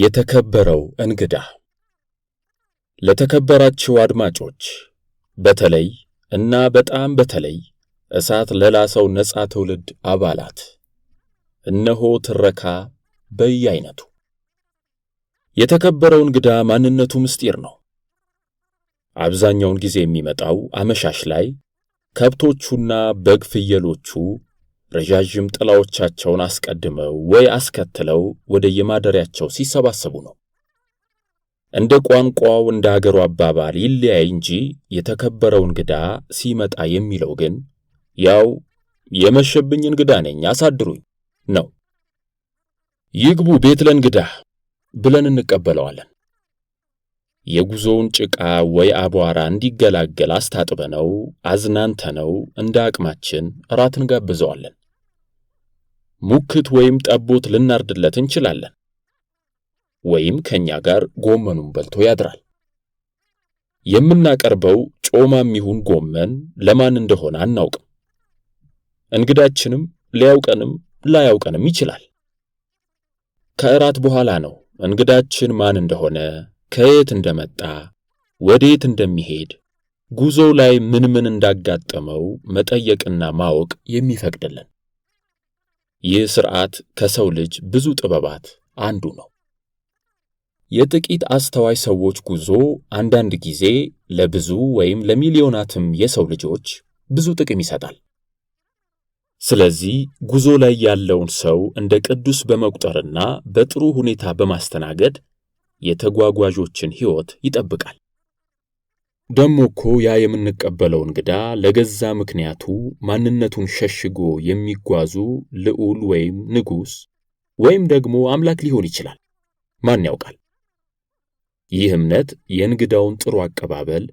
የተከበረው እንግዳ ለተከበራችሁ አድማጮች በተለይ እና በጣም በተለይ እሳት ለላሰው ነፃ ትውልድ አባላት እነሆ ትረካ በየአይነቱ። የተከበረው እንግዳ ማንነቱ ምስጢር ነው። አብዛኛውን ጊዜ የሚመጣው አመሻሽ ላይ ከብቶቹና በግ ፍየሎቹ ረዣዥም ጥላዎቻቸውን አስቀድመው ወይ አስከትለው ወደ የማደሪያቸው ሲሰባሰቡ ነው። እንደ ቋንቋው እንደ አገሩ አባባል ይለያይ እንጂ የተከበረው እንግዳ ሲመጣ የሚለው ግን ያው የመሸብኝ እንግዳ ነኝ አሳድሩኝ ነው። ይግቡ ቤት ለእንግዳ ብለን እንቀበለዋለን። የጉዞውን ጭቃ ወይ አቧራ እንዲገላገል አስታጥበነው አዝናንተነው እንደ አቅማችን እራት እንጋብዘዋለን። ሙክት ወይም ጠቦት ልናርድለት እንችላለን። ወይም ከኛ ጋር ጎመኑን በልቶ ያድራል። የምናቀርበው ጮማም ይሁን ጎመን ለማን እንደሆነ አናውቅም። እንግዳችንም ሊያውቀንም ላያውቀንም ይችላል። ከእራት በኋላ ነው እንግዳችን ማን እንደሆነ፣ ከየት እንደመጣ፣ ወዴት እንደሚሄድ፣ ጉዞው ላይ ምን ምን እንዳጋጠመው መጠየቅና ማወቅ የሚፈቅድልን። ይህ ሥርዓት ከሰው ልጅ ብዙ ጥበባት አንዱ ነው። የጥቂት አስተዋይ ሰዎች ጉዞ አንዳንድ ጊዜ ለብዙ ወይም ለሚሊዮናትም የሰው ልጆች ብዙ ጥቅም ይሰጣል። ስለዚህ ጉዞ ላይ ያለውን ሰው እንደ ቅዱስ በመቁጠርና በጥሩ ሁኔታ በማስተናገድ የተጓጓዦችን ሕይወት ይጠብቃል። ደሞ እኮ ያ የምንቀበለው እንግዳ ለገዛ ምክንያቱ ማንነቱን ሸሽጎ የሚጓዙ ልዑል ወይም ንጉሥ ወይም ደግሞ አምላክ ሊሆን ይችላል። ማን ያውቃል? ይህ እምነት የእንግዳውን ጥሩ አቀባበል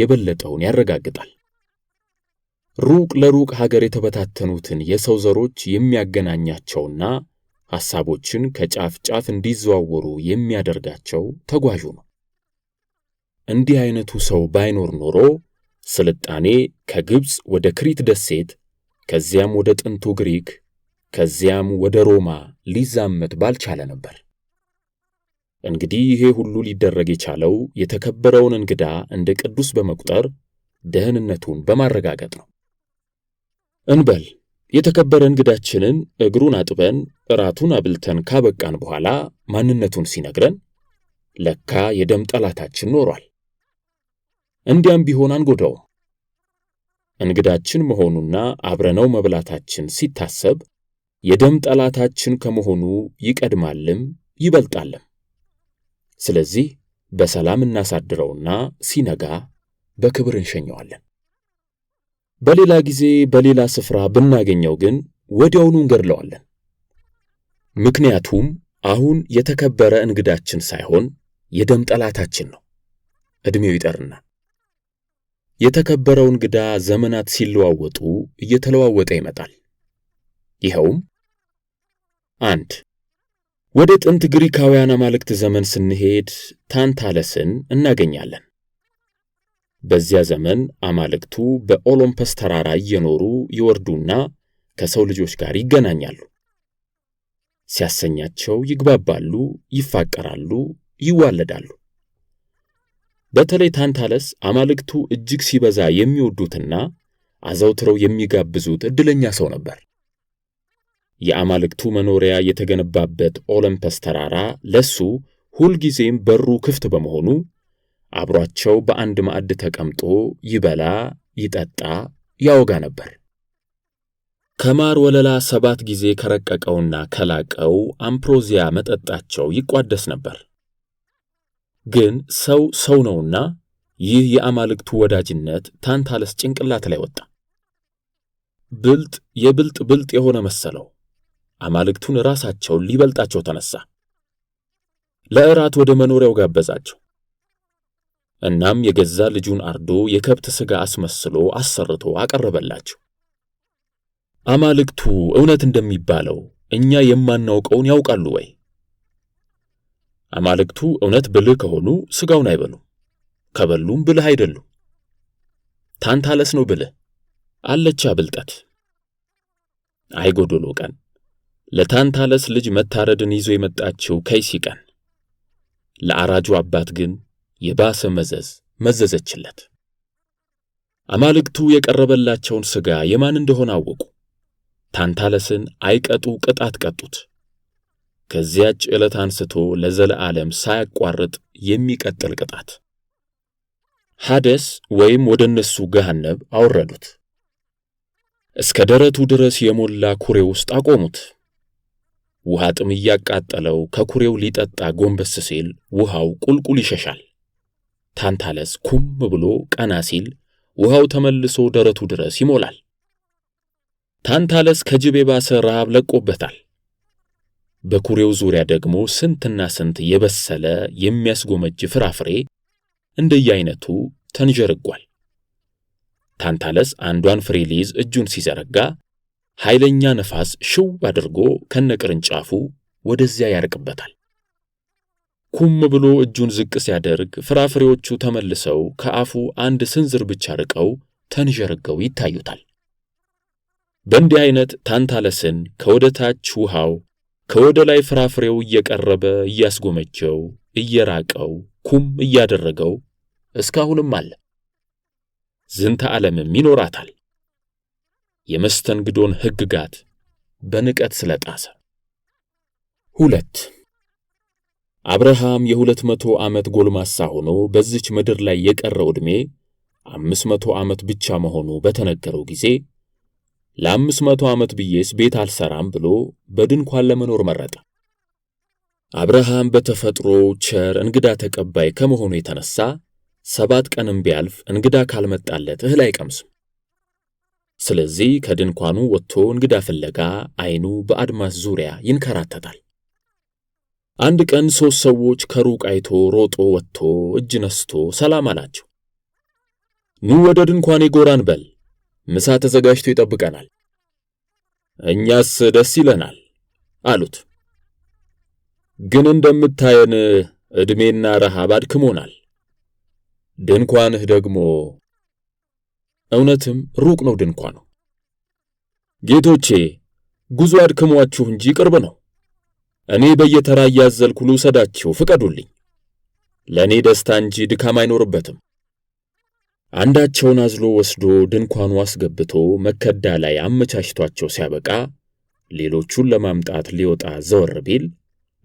የበለጠውን ያረጋግጣል። ሩቅ ለሩቅ ሀገር የተበታተኑትን የሰው ዘሮች የሚያገናኛቸውና ሐሳቦችን ከጫፍ ጫፍ እንዲዘዋወሩ የሚያደርጋቸው ተጓዡ ነው። እንዲህ አይነቱ ሰው ባይኖር ኖሮ ስልጣኔ ከግብፅ ወደ ክሪት ደሴት ከዚያም ወደ ጥንቱ ግሪክ ከዚያም ወደ ሮማ ሊዛመት ባልቻለ ነበር። እንግዲህ ይሄ ሁሉ ሊደረግ የቻለው የተከበረውን እንግዳ እንደ ቅዱስ በመቁጠር ደህንነቱን በማረጋገጥ ነው። እንበል የተከበረ እንግዳችንን እግሩን አጥበን እራቱን አብልተን ካበቃን በኋላ ማንነቱን ሲነግረን ለካ የደም ጠላታችን ኖሯል እንዲያም ቢሆን አንጎዳው። እንግዳችን መሆኑና አብረነው መብላታችን ሲታሰብ የደም ጠላታችን ከመሆኑ ይቀድማልም ይበልጣልም። ስለዚህ በሰላም እናሳድረውና ሲነጋ በክብር እንሸኘዋለን። በሌላ ጊዜ በሌላ ስፍራ ብናገኘው ግን ወዲያውኑ እንገድለዋለን። ምክንያቱም አሁን የተከበረ እንግዳችን ሳይሆን የደም ጠላታችን ነው። ዕድሜው ይጠርና የተከበረው እንግዳ ዘመናት ሲለዋወጡ እየተለዋወጠ ይመጣል። ይኸውም አንድ ወደ ጥንት ግሪካውያን አማልክት ዘመን ስንሄድ ታንታለስን እናገኛለን። በዚያ ዘመን አማልክቱ በኦሎምፐስ ተራራ እየኖሩ ይወርዱና ከሰው ልጆች ጋር ይገናኛሉ። ሲያሰኛቸው ይግባባሉ፣ ይፋቀራሉ፣ ይዋለዳሉ። በተለይ ታንታለስ አማልክቱ እጅግ ሲበዛ የሚወዱትና አዘውትረው የሚጋብዙት እድለኛ ሰው ነበር። የአማልክቱ መኖሪያ የተገነባበት ኦለምፐስ ተራራ ለሱ ሁልጊዜም በሩ ክፍት በመሆኑ አብሯቸው በአንድ ማዕድ ተቀምጦ ይበላ፣ ይጠጣ፣ ያወጋ ነበር። ከማር ወለላ ሰባት ጊዜ ከረቀቀውና ከላቀው አምፕሮዚያ መጠጣቸው ይቋደስ ነበር። ግን ሰው ሰው ነውና ይህ የአማልክቱ ወዳጅነት ታንታለስ ጭንቅላት ላይ ወጣ። ብልጥ የብልጥ ብልጥ የሆነ መሰለው። አማልክቱን ራሳቸውን ሊበልጣቸው ተነሳ። ለእራት ወደ መኖሪያው ጋበዛቸው። እናም የገዛ ልጁን አርዶ የከብት ሥጋ አስመስሎ አሰርቶ አቀረበላቸው። አማልክቱ እውነት እንደሚባለው እኛ የማናውቀውን ያውቃሉ ወይ? አማልክቱ እውነት ብልህ ከሆኑ ሥጋውን አይበሉም፣ ከበሉም ብልህ አይደሉም። ታንታለስ ነው ብልህ፣ አለች ብልጠት፣ አይጎዶሎ ቀን፣ ለታንታለስ ልጅ መታረድን ይዞ የመጣችው ከይሲ ቀን፣ ለአራጁ አባት ግን የባሰ መዘዝ መዘዘችለት። አማልክቱ የቀረበላቸውን ሥጋ የማን እንደሆነ አወቁ። ታንታለስን አይቀጡ ቅጣት ቀጡት። ከዚያች ዕለት አንስቶ ለዘለዓለም ሳያቋርጥ የሚቀጥል ቅጣት ሐደስ ወይም ወደ እነሱ ገሃነብ አወረዱት። እስከ ደረቱ ድረስ የሞላ ኩሬ ውስጥ አቆሙት። ውሃ ጥም እያቃጠለው ከኩሬው ሊጠጣ ጎንበስ ሲል ውሃው ቁልቁል ይሸሻል። ታንታለስ ኩም ብሎ ቀና ሲል ውሃው ተመልሶ ደረቱ ድረስ ይሞላል። ታንታለስ ከጅብ የባሰ ረሃብ ለቆበታል። በኩሬው ዙሪያ ደግሞ ስንትና ስንት የበሰለ የሚያስጎመጅ ፍራፍሬ እንደየአይነቱ ተንዠርጓል። ታንታለስ አንዷን ፍሬ ሊይዝ እጁን ሲዘረጋ ኃይለኛ ነፋስ ሽው አድርጎ ከነቅርንጫፉ ወደዚያ ያርቅበታል። ኩም ብሎ እጁን ዝቅ ሲያደርግ ፍራፍሬዎቹ ተመልሰው ከአፉ አንድ ስንዝር ብቻ ርቀው ተንዠርገው ይታዩታል። በእንዲህ አይነት ታንታለስን ከወደ ታች ውሃው ከወደ ላይ ፍራፍሬው እየቀረበ እያስጎመቸው እየራቀው ኩም እያደረገው እስካሁንም አለ። ዝንተ ዓለምም ይኖራታል የመስተንግዶን ሕግጋት በንቀት ስለጣሰ። ሁለት አብርሃም የሁለት መቶ ዓመት ጎልማሳ ሆኖ በዚች ምድር ላይ የቀረው ዕድሜ አምስት መቶ ዓመት ብቻ መሆኑ በተነገረው ጊዜ ለአምስት መቶ ዓመት ብዬስ ቤት አልሰራም ብሎ በድንኳን ለመኖር መረጠ። አብርሃም በተፈጥሮ ቸር እንግዳ ተቀባይ ከመሆኑ የተነሳ ሰባት ቀንም ቢያልፍ እንግዳ ካልመጣለት እህል አይቀምስም። ስለዚህ ከድንኳኑ ወጥቶ እንግዳ ፍለጋ አይኑ በአድማስ ዙሪያ ይንከራተታል። አንድ ቀን ሦስት ሰዎች ከሩቅ አይቶ ሮጦ ወጥቶ እጅ ነስቶ ሰላም አላቸው። ኑ ወደ ድንኳኔ ጎራን በል ምሳ ተዘጋጅቶ ይጠብቀናል፣ እኛስ ደስ ይለናል አሉት። ግን እንደምታየን ዕድሜና ረሃብ አድክሞናል። ድንኳንህ ደግሞ እውነትም ሩቅ ነው ድንኳኑ። ጌቶቼ ጉዞ አድክሟችሁ እንጂ ቅርብ ነው። እኔ በየተራ እያዘልኩ ልውሰዳችሁ ፍቀዱልኝ። ለእኔ ደስታ እንጂ ድካም አይኖርበትም። አንዳቸውን አዝሎ ወስዶ ድንኳኑ አስገብቶ መከዳ ላይ አመቻችቷቸው ሲያበቃ ሌሎቹን ለማምጣት ሊወጣ ዘወር ቢል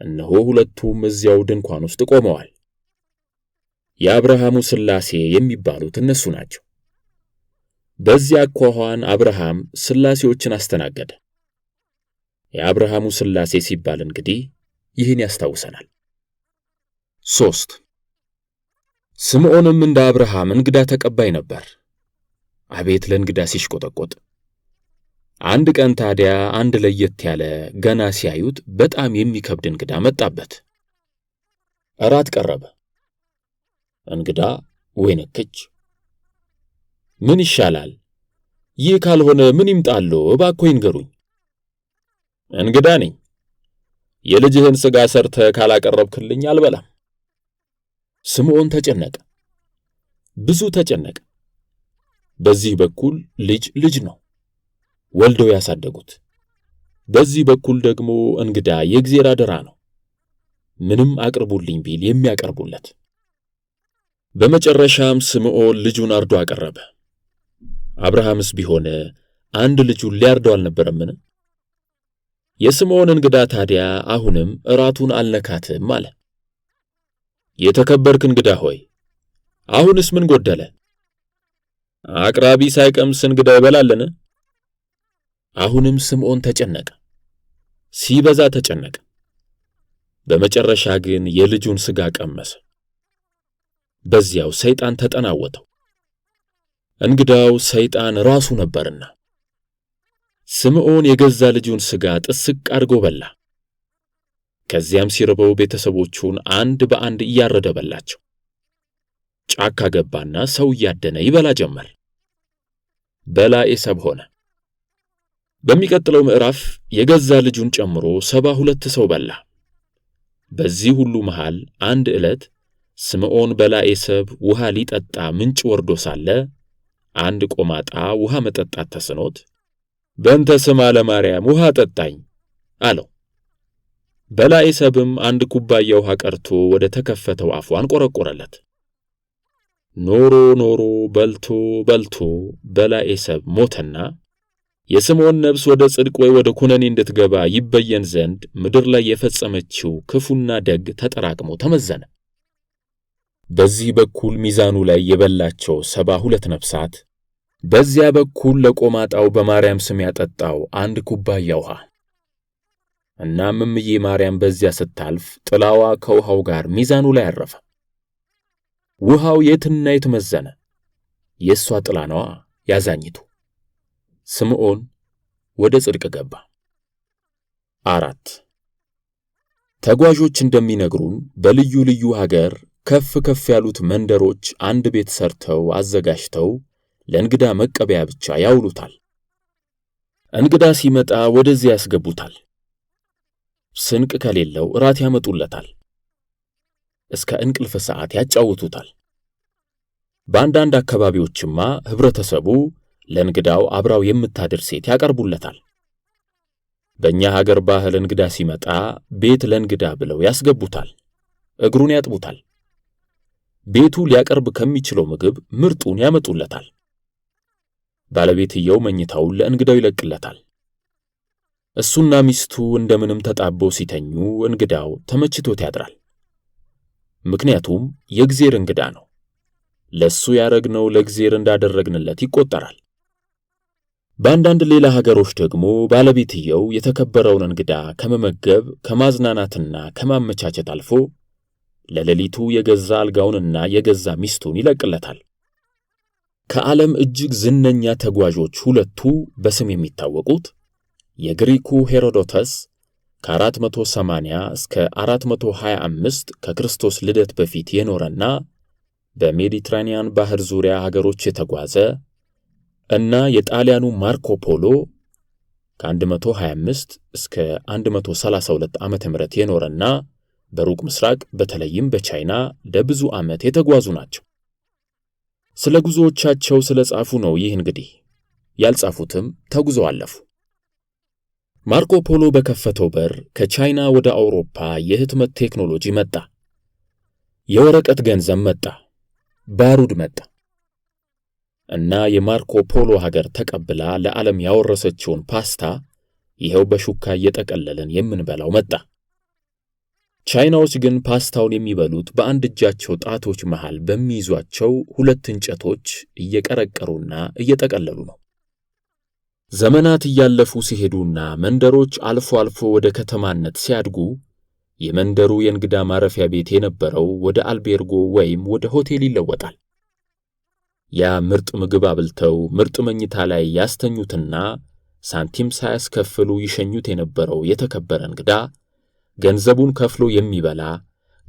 እነሆ ሁለቱም እዚያው ድንኳን ውስጥ ቆመዋል። የአብርሃሙ ሥላሴ የሚባሉት እነሱ ናቸው። በዚያ አኳኋን አብርሃም ሥላሴዎችን አስተናገደ። የአብርሃሙ ሥላሴ ሲባል እንግዲህ ይህን ያስታውሰናል። ሦስት ስምዖንም እንደ አብርሃም እንግዳ ተቀባይ ነበር። አቤት ለእንግዳ ሲሽቆጠቆጥ! አንድ ቀን ታዲያ አንድ ለየት ያለ ገና ሲያዩት በጣም የሚከብድ እንግዳ መጣበት። እራት ቀረበ። እንግዳ ወይንክች፣ ምን ይሻላል? ይህ ካልሆነ ምን ይምጣሉ? እባኮ ይንገሩኝ። እንግዳ ነኝ። የልጅህን ሥጋ ሰርተ ካላቀረብክልኝ አልበላም ስምዖን ተጨነቀ፣ ብዙ ተጨነቀ። በዚህ በኩል ልጅ ልጅ ነው ወልደው ያሳደጉት፣ በዚህ በኩል ደግሞ እንግዳ የእግዜር አደራ ነው። ምንም አቅርቡልኝ ቢል የሚያቀርቡለት። በመጨረሻም ስምዖን ልጁን አርዶ አቀረበ። አብርሃምስ ቢሆን አንድ ልጁን ሊያርደው አልነበረምን? የስምዖን እንግዳ ታዲያ አሁንም እራቱን አልነካትም አለ። የተከበርክ እንግዳ ሆይ አሁንስ ምን ጎደለ? አቅራቢ ሳይቀምስ እንግዳ ይበላልን? አሁንም ስምዖን ተጨነቀ፣ ሲበዛ ተጨነቀ። በመጨረሻ ግን የልጁን ሥጋ ቀመሰ። በዚያው ሰይጣን ተጠናወተው፣ እንግዳው ሰይጣን ራሱ ነበርና። ስምዖን የገዛ ልጁን ሥጋ ጥስቅ አድርጎ በላ። ከዚያም ሲርበው ቤተሰቦቹን አንድ በአንድ እያረደ በላቸው። ጫካ ገባና ሰው እያደነ ይበላ ጀመር። በላ ሰብ ሆነ። በሚቀጥለው ምዕራፍ የገዛ ልጁን ጨምሮ ሰባ ሁለት ሰው በላ። በዚህ ሁሉ መሃል አንድ ዕለት ስምዖን በላ ሰብእ ውሃ ሊጠጣ ምንጭ ወርዶ ሳለ አንድ ቆማጣ ውሃ መጠጣት ተስኖት በእንተ ስማ ለማርያም ውሃ ጠጣኝ አለው። በላይ ሰብም አንድ ኩባያ ውሃ ቀርቶ ወደ ተከፈተው አፉ አንቆረቆረለት። ኖሮ ኖሮ በልቶ በልቶ በላይ ሰብ ሞተና የስምዖን ነብስ ወደ ጽድቅ ወይ ወደ ኩነኔ እንድትገባ ይበየን ዘንድ ምድር ላይ የፈጸመችው ክፉና ደግ ተጠራቅሞ ተመዘነ። በዚህ በኩል ሚዛኑ ላይ የበላቸው ሰባ ሁለት ነፍሳት፣ በዚያ በኩል ለቆማጣው በማርያም ስም ያጠጣው አንድ ኩባያ ውሃ እናም እምዬ ማርያም በዚያ ስታልፍ ጥላዋ ከውሃው ጋር ሚዛኑ ላይ አረፈ። ውሃው የትና የት መዘነ? የእሷ ጥላ ነዋ ያዛኝቱ። ስምዖን ወደ ጽድቅ ገባ። አራት ተጓዦች እንደሚነግሩን በልዩ ልዩ ሀገር ከፍ ከፍ ያሉት መንደሮች አንድ ቤት ሰርተው አዘጋጅተው ለእንግዳ መቀበያ ብቻ ያውሉታል። እንግዳ ሲመጣ ወደዚያ ያስገቡታል። ስንቅ ከሌለው እራት ያመጡለታል። እስከ እንቅልፍ ሰዓት ያጫውቱታል። በአንዳንድ አካባቢዎችማ ህብረተሰቡ ለእንግዳው አብራው የምታድር ሴት ያቀርቡለታል። በእኛ ሀገር ባህል እንግዳ ሲመጣ ቤት ለእንግዳ ብለው ያስገቡታል፣ እግሩን ያጥቡታል። ቤቱ ሊያቀርብ ከሚችለው ምግብ ምርጡን ያመጡለታል። ባለቤትየው መኝታውን ለእንግዳው ይለቅለታል። እሱና ሚስቱ እንደምንም ተጣበው ሲተኙ እንግዳው ተመችቶት ያድራል። ምክንያቱም የእግዜር እንግዳ ነው። ለሱ ያረግነው ለእግዜር እንዳደረግንለት ይቆጠራል። በአንዳንድ ሌላ ሀገሮች ደግሞ ባለቤትየው የተከበረውን እንግዳ ከመመገብ ከማዝናናትና ከማመቻቸት አልፎ ለሌሊቱ የገዛ አልጋውንና የገዛ ሚስቱን ይለቅለታል። ከዓለም እጅግ ዝነኛ ተጓዦች ሁለቱ በስም የሚታወቁት የግሪኩ ሄሮዶተስ ከ480 እስከ 425 ከክርስቶስ ልደት በፊት የኖረና በሜዲትራኒያን ባህር ዙሪያ ሀገሮች የተጓዘ እና የጣሊያኑ ማርኮ ፖሎ ከ125 እስከ 132 ዓ ም የኖረና በሩቅ ምስራቅ በተለይም በቻይና ለብዙ ዓመት የተጓዙ ናቸው። ስለ ጉዞዎቻቸው ስለ ጻፉ ነው። ይህ እንግዲህ ያልጻፉትም ተጉዘው አለፉ። ማርኮ ፖሎ በከፈተው በር ከቻይና ወደ አውሮፓ የህትመት ቴክኖሎጂ መጣ። የወረቀት ገንዘብ መጣ። ባሩድ መጣ እና የማርኮ ፖሎ ሀገር ተቀብላ ለዓለም ያወረሰችውን ፓስታ ይኸው በሹካ እየጠቀለልን የምንበላው መጣ። ቻይናዎች ግን ፓስታውን የሚበሉት በአንድ እጃቸው ጣቶች መሃል በሚይዟቸው ሁለት እንጨቶች እየቀረቀሩና እየጠቀለሉ ነው። ዘመናት እያለፉ ሲሄዱና መንደሮች አልፎ አልፎ ወደ ከተማነት ሲያድጉ የመንደሩ የእንግዳ ማረፊያ ቤት የነበረው ወደ አልቤርጎ ወይም ወደ ሆቴል ይለወጣል። ያ ምርጥ ምግብ አብልተው ምርጥ መኝታ ላይ ያስተኙትና ሳንቲም ሳያስከፍሉ ይሸኙት የነበረው የተከበረ እንግዳ ገንዘቡን ከፍሎ የሚበላ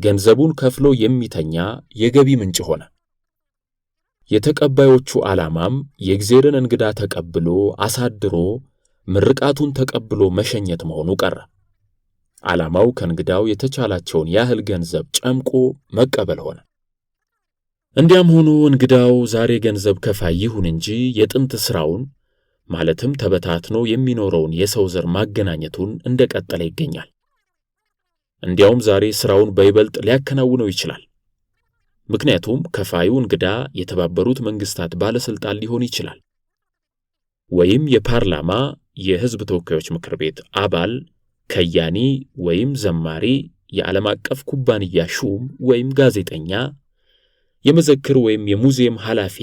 ገንዘቡን ከፍሎ የሚተኛ የገቢ ምንጭ ሆነ። የተቀባዮቹ ዓላማም የእግዚአብሔርን እንግዳ ተቀብሎ አሳድሮ ምርቃቱን ተቀብሎ መሸኘት መሆኑ ቀረ። ዓላማው ከእንግዳው የተቻላቸውን ያህል ገንዘብ ጨምቆ መቀበል ሆነ። እንዲያም ሆኖ እንግዳው ዛሬ ገንዘብ ከፋይ ይሁን እንጂ የጥንት ሥራውን ማለትም ተበታትኖ የሚኖረውን የሰው ዘር ማገናኘቱን እንደቀጠለ ይገኛል። እንዲያውም ዛሬ ሥራውን በይበልጥ ሊያከናውነው ይችላል። ምክንያቱም ከፋዩ እንግዳ የተባበሩት መንግስታት ባለስልጣን ሊሆን ይችላል ወይም የፓርላማ የህዝብ ተወካዮች ምክር ቤት አባል፣ ከያኒ ወይም ዘማሪ፣ የዓለም አቀፍ ኩባንያ ሹም ወይም ጋዜጠኛ፣ የመዘክር ወይም የሙዚየም ኃላፊ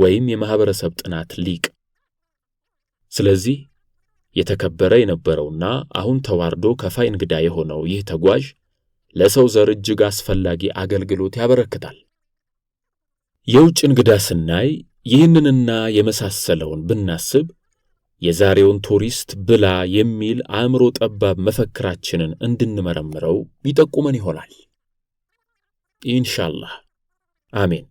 ወይም የማህበረሰብ ጥናት ሊቅ። ስለዚህ የተከበረ የነበረውና አሁን ተዋርዶ ከፋይ እንግዳ የሆነው ይህ ተጓዥ ለሰው ዘር እጅግ አስፈላጊ አገልግሎት ያበረክታል። የውጭ እንግዳ ስናይ ይህንንና የመሳሰለውን ብናስብ የዛሬውን ቱሪስት ብላ የሚል አእምሮ ጠባብ መፈክራችንን እንድንመረምረው ይጠቁመን ይሆናል። ኢንሻአላህ። አሜን።